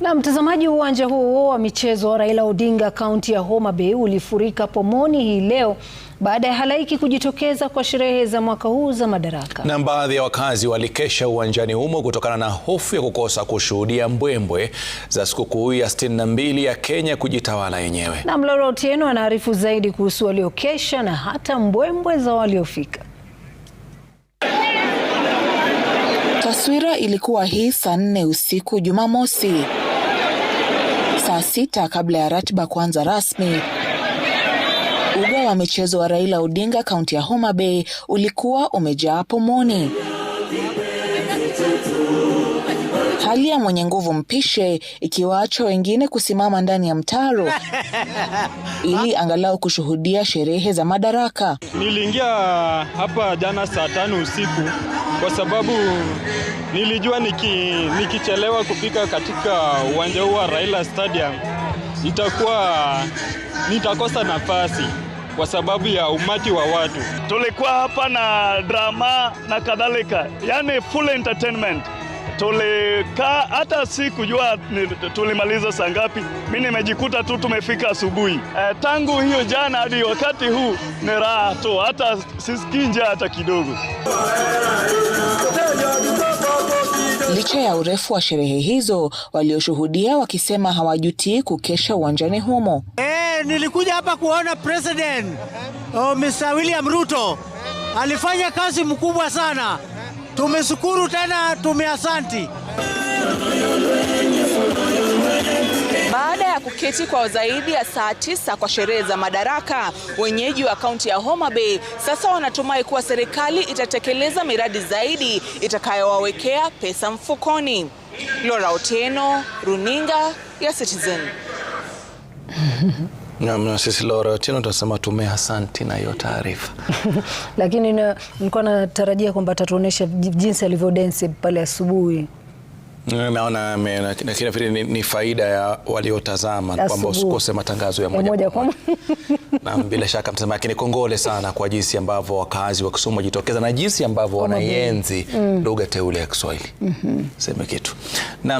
Na mtazamaji, uwanja huo wa michezo wa Raila Odinga kaunti ya Homa Bay ulifurika pomoni hii leo baada ya halaiki kujitokeza kwa sherehe za mwaka huu za madaraka. Na baadhi ya wakazi walikesha uwanjani humo kutokana na hofu ya kukosa kushuhudia mbwembwe za sikukuu ya 62 ya Kenya kujitawala yenyewe. Na Mlora Otieno anaarifu zaidi kuhusu waliokesha na hata mbwembwe za waliofika. Taswira ilikuwa hii saa nne usiku Jumamosi saa sita kabla ya ratiba kuanza rasmi. Uga wa michezo wa Raila Odinga kaunti ya Homa Bay ulikuwa umejaa pomoni. Hali ya mwenye nguvu mpishe ikiwaacha wengine kusimama ndani ya mtaro ili angalau kushuhudia sherehe za madaraka. Niliingia hapa jana saa tano usiku kwa sababu Nilijua niki, nikichelewa kufika katika uwanja huu wa Raila Stadium nitakuwa nitakosa nafasi kwa sababu ya umati wa watu. Tulikuwa hapa na drama na kadhalika, yani full entertainment. Tulikaa hata si kujua tulimaliza saa ngapi. Mi nimejikuta tu tumefika asubuhi. E, tangu hiyo jana hadi wakati huu ni raha tu, hata sisikii njaa hata kidogo. Licha ya urefu wa sherehe hizo, walioshuhudia wakisema hawajutii kukesha uwanjani humo. Hey, eh, nilikuja hapa kuona president oh, Mr. William Ruto alifanya kazi mkubwa sana, tumeshukuru tena, tumeasanti baada ya kuketi kwa zaidi ya saa tisa kwa sherehe za madaraka, wenyeji wa kaunti ya Homa Bay sasa wanatumai kuwa serikali itatekeleza miradi zaidi itakayowawekea pesa mfukoni. lora oteno runinga ya Citizen. Na sisi Lora Otieno tunasema tume asanti na hiyo taarifa. Lakini nilikuwa natarajia kwamba atatuonyesha jinsi alivyodensi pale asubuhi. Mm. Naona nafikiri ni, ni faida ya waliotazama kwamba usikose matangazo ya moja kwa moja. Na bila shaka mtazamaji, lakini kongole sana kwa jinsi ambavyo wakazi wa Kisumu wajitokeza na jinsi ambavyo lugha mm. lugha teule ya Kiswahili mm -hmm. seme kitu na